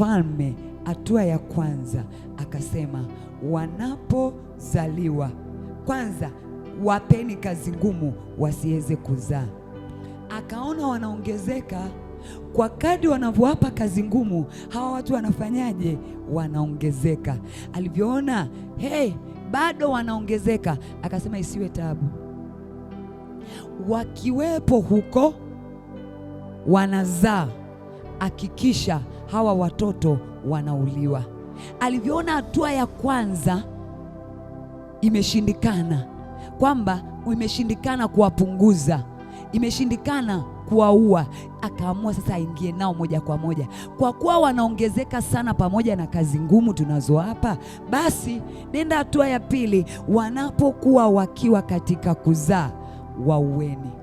mfalme, hatua ya kwanza akasema, wanapozaliwa kwanza wapeni kazi ngumu wasiweze kuzaa. Akaona wanaongezeka kwa kadi wanavyowapa kazi ngumu, hawa watu wanafanyaje? Wanaongezeka. Alivyoona hey, bado wanaongezeka, akasema isiwe tabu, wakiwepo huko wanazaa, hakikisha hawa watoto wanauliwa. Alivyoona hatua ya kwanza imeshindikana, kwamba imeshindikana kuwapunguza, imeshindikana kuwaua, akaamua sasa aingie nao moja kwa moja. Kwa kuwa wanaongezeka sana, pamoja na kazi ngumu tunazowapa, basi nenda hatua ya pili, wanapokuwa wakiwa katika kuzaa, waueni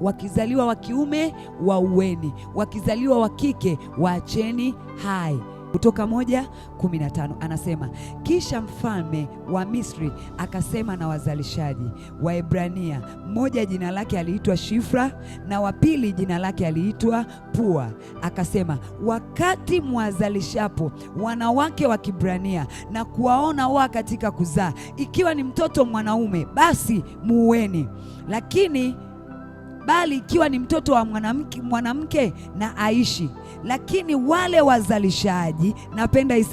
wakizaliwa wa kiume waueni, wakizaliwa wa kike waacheni hai. Kutoka moja kumi na tano anasema kisha mfalme wa Misri akasema na wazalishaji Waebrania, mmoja jina lake aliitwa Shifra na wa pili jina lake aliitwa Pua, akasema wakati mwazalishapo wanawake wa Kibrania na kuwaona wa katika kuzaa, ikiwa ni mtoto mwanaume, basi muueni. Lakini bali ikiwa ni mtoto wa mwanamke, mwanamke na aishi. Lakini wale wazalishaji, napenda hii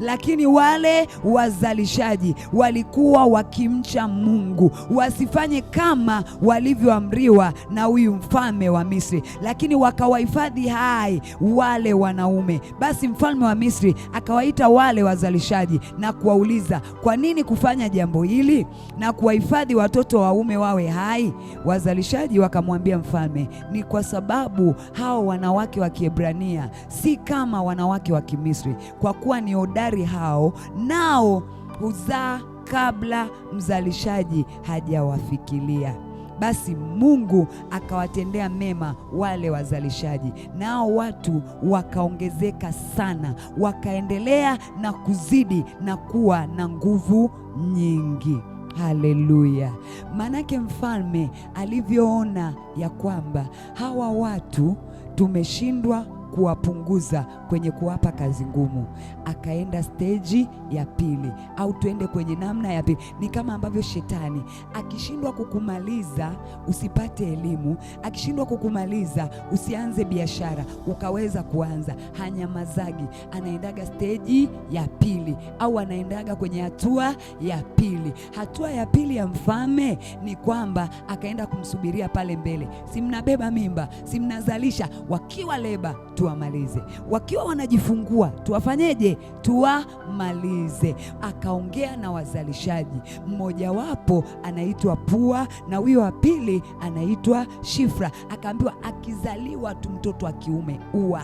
lakini wale wazalishaji walikuwa wakimcha Mungu, wasifanye kama walivyoamriwa na huyu mfalme wa Misri, lakini wakawahifadhi hai wale wanaume. Basi mfalme wa Misri akawaita wale wazalishaji na kuwauliza, kwa nini kufanya jambo hili na kuwahifadhi watoto waume wawe hai? Wazalishaji wa akamwambia mfalme, ni kwa sababu hao wanawake wa Kiebrania si kama wanawake wa Kimisri, kwa kuwa ni hodari hao, nao huzaa kabla mzalishaji hajawafikilia. Basi Mungu akawatendea mema wale wazalishaji, nao watu wakaongezeka sana, wakaendelea na kuzidi na kuwa na nguvu nyingi. Haleluya! Maanake mfalme alivyoona ya kwamba hawa watu tumeshindwa kuwapunguza kwenye kuwapa kazi ngumu, akaenda steji ya pili, au tuende kwenye namna ya pili. Ni kama ambavyo shetani akishindwa kukumaliza usipate elimu, akishindwa kukumaliza usianze biashara ukaweza kuanza, hanyamazagi, anaendaga steji ya pili, au anaendaga kwenye hatua ya pili. Hatua ya pili ya mfalme ni kwamba akaenda kumsubiria pale mbele, si mnabeba mimba, si mnazalisha wakiwa leba tuwamalize. Wakiwa wanajifungua tuwafanyeje? Tuwamalize. Akaongea na wazalishaji, mmojawapo anaitwa Pua na huyo wa pili anaitwa Shifra. Akaambiwa akizaliwa tu mtoto wa kiume ua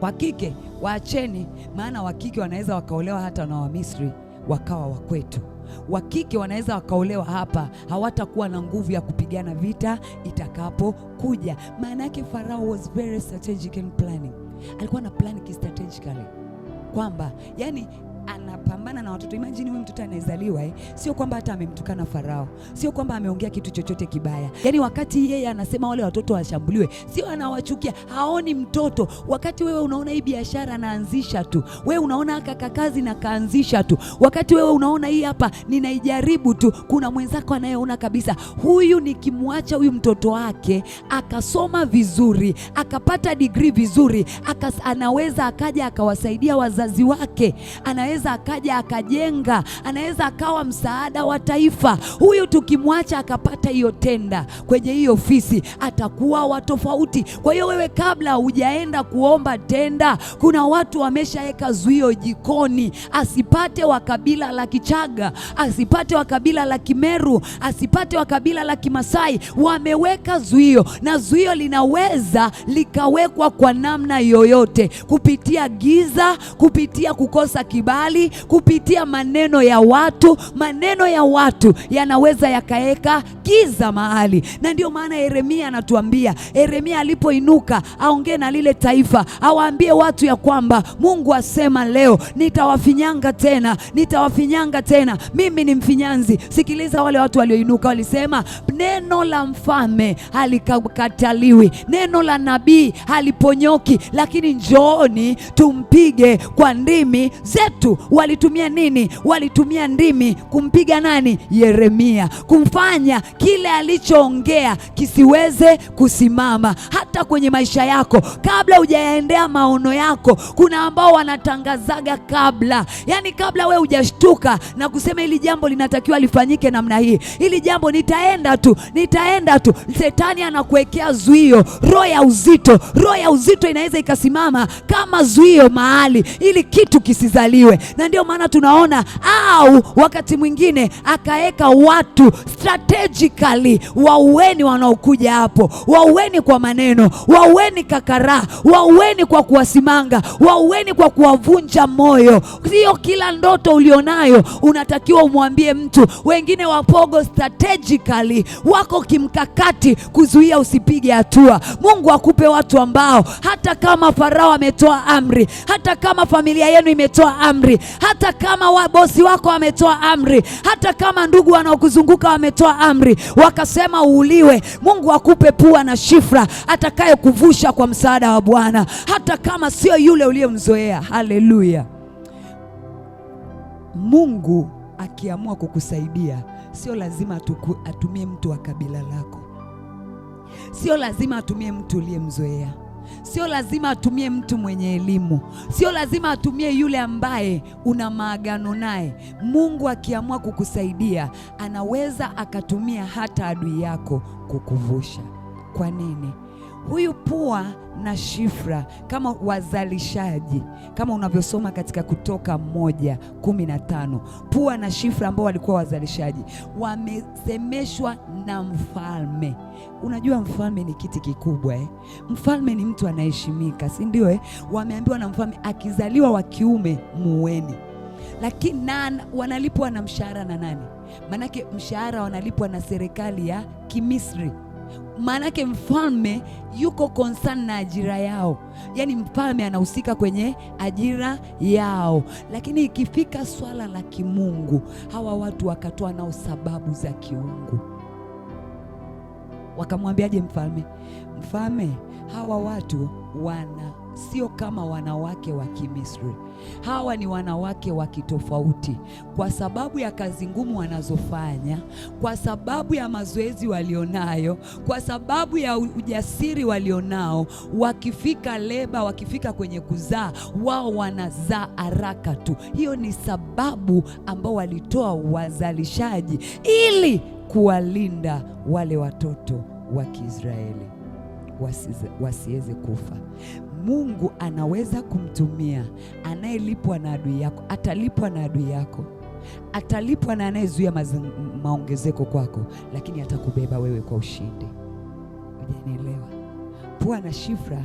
kwa kike waacheni, maana wa kike wanaweza wakaolewa hata na Wamisri wakawa wakwetu wa kike wanaweza wakaolewa hapa, hawatakuwa na nguvu ya kupigana vita itakapokuja. Maana yake Farao was very strategic in planning, alikuwa na plan kistrategically kwamba yani anapambana na watoto. Imagine huyu mtoto anaezaliwa eh, sio kwamba hata amemtukana Farao, sio kwamba ameongea kitu chochote kibaya. Yaani wakati yeye anasema wale watoto washambuliwe, sio anawachukia, haoni mtoto. Wakati wewe unaona hii biashara anaanzisha tu, wewe unaona akakakazi kazi na kaanzisha tu, wakati wewe unaona hii hapa ninaijaribu tu, kuna mwenzako anayeona kabisa huyu nikimwacha huyu mtoto wake akasoma vizuri akapata digrii vizuri akas, anaweza akaja akawasaidia wazazi wake anaweza anaweza akaja akajenga, anaweza akawa msaada wa taifa. Huyu tukimwacha akapata hiyo tenda kwenye hiyo ofisi, atakuwa wa tofauti. Kwa hiyo wewe, kabla hujaenda kuomba tenda, kuna watu wameshaweka zuio jikoni, asipate wa kabila la Kichaga, asipate wa kabila la Kimeru, asipate wa kabila la Kimasai. Wameweka zuio, na zuio linaweza likawekwa kwa namna yoyote, kupitia giza, kupitia kukosa kibali kweli kupitia maneno ya watu. Maneno ya watu yanaweza yakaweka giza mahali, na ndio maana Yeremia anatuambia, Yeremia alipoinuka aongee na lile taifa, awaambie watu ya kwamba Mungu asema leo, nitawafinyanga tena, nitawafinyanga tena, mimi ni mfinyanzi. Sikiliza, wale watu walioinuka walisema, neno la mfalme halikataliwi, neno la nabii haliponyoki, lakini njooni tumpige kwa ndimi zetu walitumia nini? Walitumia ndimi kumpiga nani? Yeremia, kumfanya kile alichoongea kisiweze kusimama. Hata kwenye maisha yako, kabla hujaendea maono yako, kuna ambao wanatangazaga kabla, yaani kabla we hujashtuka na kusema hili jambo linatakiwa lifanyike namna hii, hili jambo nitaenda tu, nitaenda tu. Shetani anakuwekea zuio, roho ya uzito. Roho ya uzito inaweza ikasimama kama zuio mahali, ili kitu kisizaliwe na ndio maana tunaona au wakati mwingine akaweka watu strategically, waueni wanaokuja hapo, waueni kwa maneno, waueni kakaraa, waueni kwa kuwasimanga, waueni kwa kuwavunja moyo. Sio kila ndoto ulionayo unatakiwa umwambie mtu. Wengine wapogo strategically, wako kimkakati kuzuia usipige hatua. Mungu akupe watu ambao hata kama Farao ametoa amri, hata kama familia yenu imetoa amri, hata kama wabosi wako wametoa amri, hata kama ndugu wanaokuzunguka wametoa amri wakasema uuliwe, Mungu akupe pua na shifra atakaye kuvusha kwa msaada wa Bwana, hata kama sio yule uliyemzoea. Haleluya! Mungu akiamua kukusaidia, sio lazima atuku, atumie mtu wa kabila lako, sio lazima atumie mtu uliyemzoea. Sio lazima atumie mtu mwenye elimu, sio lazima atumie yule ambaye una maagano naye. Mungu akiamua kukusaidia, anaweza akatumia hata adui yako kukuvusha. Kwa nini? huyu Pua na Shifra kama wazalishaji, kama unavyosoma katika Kutoka moja kumi na tano. Pua na Shifra ambao walikuwa wazalishaji wamesemeshwa na mfalme. Unajua mfalme ni kiti kikubwa eh? Mfalme ni mtu anaheshimika, si ndio eh? Wameambiwa na mfalme, akizaliwa wa kiume muweni, lakini wanalipwa na mshahara na nani? Manake mshahara wanalipwa na serikali ya Kimisri. Maanake mfalme yuko concern na ajira yao, yaani mfalme anahusika kwenye ajira yao. Lakini ikifika swala la kimungu, hawa watu wakatoa nao sababu za kiungu, wakamwambiaje mfalme? Mfalme, hawa watu wana sio kama wanawake wa Kimisri. Hawa ni wanawake wa kitofauti, kwa sababu ya kazi ngumu wanazofanya, kwa sababu ya mazoezi walionayo, kwa sababu ya ujasiri walionao. Wakifika leba, wakifika kwenye kuzaa, wao wanazaa haraka tu. Hiyo ni sababu ambao walitoa wazalishaji ili kuwalinda wale watoto wa Kiisraeli wasiweze kufa. Mungu anaweza kumtumia anayelipwa na adui yako, atalipwa na adui yako, atalipwa na anayezuia maongezeko kwako, lakini atakubeba wewe kwa ushindi. Ujanielewa? Pua na Shifra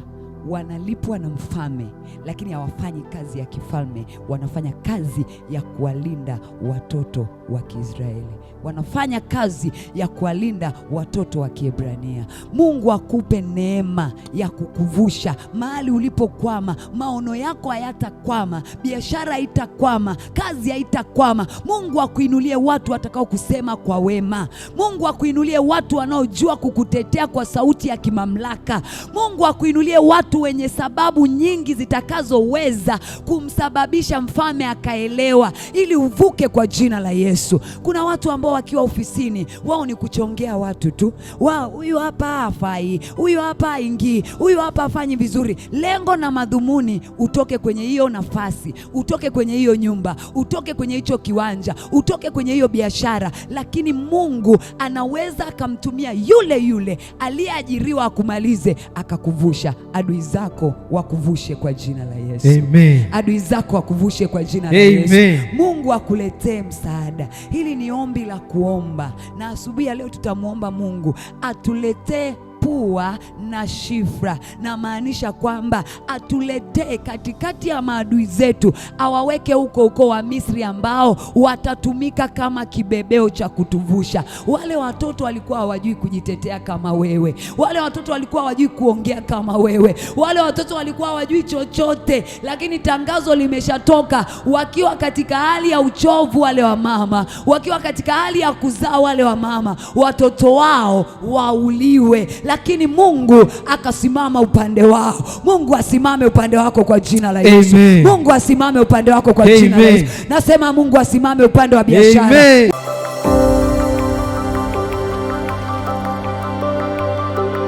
wanalipwa na mfalme, lakini hawafanyi kazi ya kifalme, wanafanya kazi ya kuwalinda watoto wa Kiisraeli, wanafanya kazi ya kuwalinda watoto wa Kiebrania. Mungu akupe neema ya kukuvusha mahali ulipokwama. Maono yako hayatakwama, biashara haitakwama, kazi haitakwama. Mungu akuinulie watu watakao kusema kwa wema. Mungu akuinulie watu wanaojua kukutetea kwa sauti ya kimamlaka. Mungu akuinulie watu watu wenye sababu nyingi zitakazoweza kumsababisha mfalme akaelewa, ili uvuke kwa jina la Yesu. Kuna watu ambao wakiwa ofisini wao ni kuchongea watu tu, wao huyu hapa hafai, huyu hapa haingii, huyu hapa afanyi vizuri. Lengo na madhumuni, utoke kwenye hiyo nafasi, utoke kwenye hiyo nyumba, utoke kwenye hicho kiwanja, utoke kwenye hiyo biashara. Lakini Mungu anaweza akamtumia yule yule aliyeajiriwa akumalize, akakuvusha adui zako wakuvushe kwa jina la Yesu. Amen. Adui zako wakuvushe kwa jina la Yesu. Amen. Mungu akuletee msaada. Hili ni ombi la kuomba, na asubuhi ya leo tutamwomba Mungu atuletee pua na shifra, namaanisha kwamba atuletee katikati ya maadui zetu, awaweke huko huko wa Misri ambao watatumika kama kibebeo cha kutuvusha. Wale watoto walikuwa hawajui kujitetea kama wewe, wale watoto walikuwa hawajui kuongea kama wewe, wale watoto walikuwa hawajui chochote, lakini tangazo limeshatoka, wakiwa katika hali ya uchovu wale wa mama, wakiwa katika hali ya kuzaa wale wa mama, watoto wao wauliwe lakini Mungu akasimama upande wao. Mungu asimame upande wako kwa jina la Yesu. Mungu asimame upande wako kwa Amen. jina la Yesu. Nasema Mungu asimame upande wa biashara.